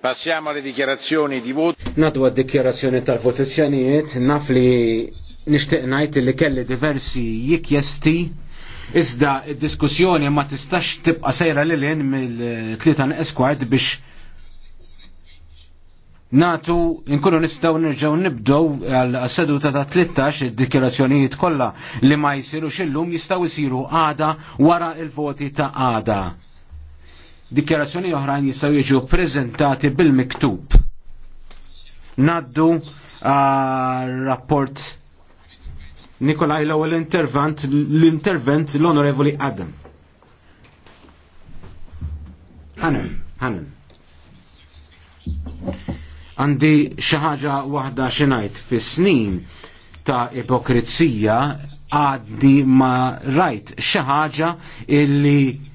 Passiamo alle dichiarazioni di voto. Nadu għad dikjarazzjoni tal-votazzjonijiet, naf li nishtiq ngħid li kelli diversi jikjesti, iżda id-diskussjoni ma tistax tibqa' sejra lil in mill-tlieta esquart biex natu nkunu nistgħu nerġgħu nibdow għal seduta ta' 13 id dikjerazzjonijiet kollha li ma jsirux illum jistgħu jsiru għada wara il-voti ta' għada dikjarazzjoni oħrajn jistgħu jiġu preżentati bil-miktub. Naddu rapport Nikolaj l l-intervent l-intervent l-onorevoli Adam. Ħanen, ħanen. Għandi xi ħaġa waħda xi ngħid fis-snin ta' ipokrizija għaddi ma rajt xi ħaġa illi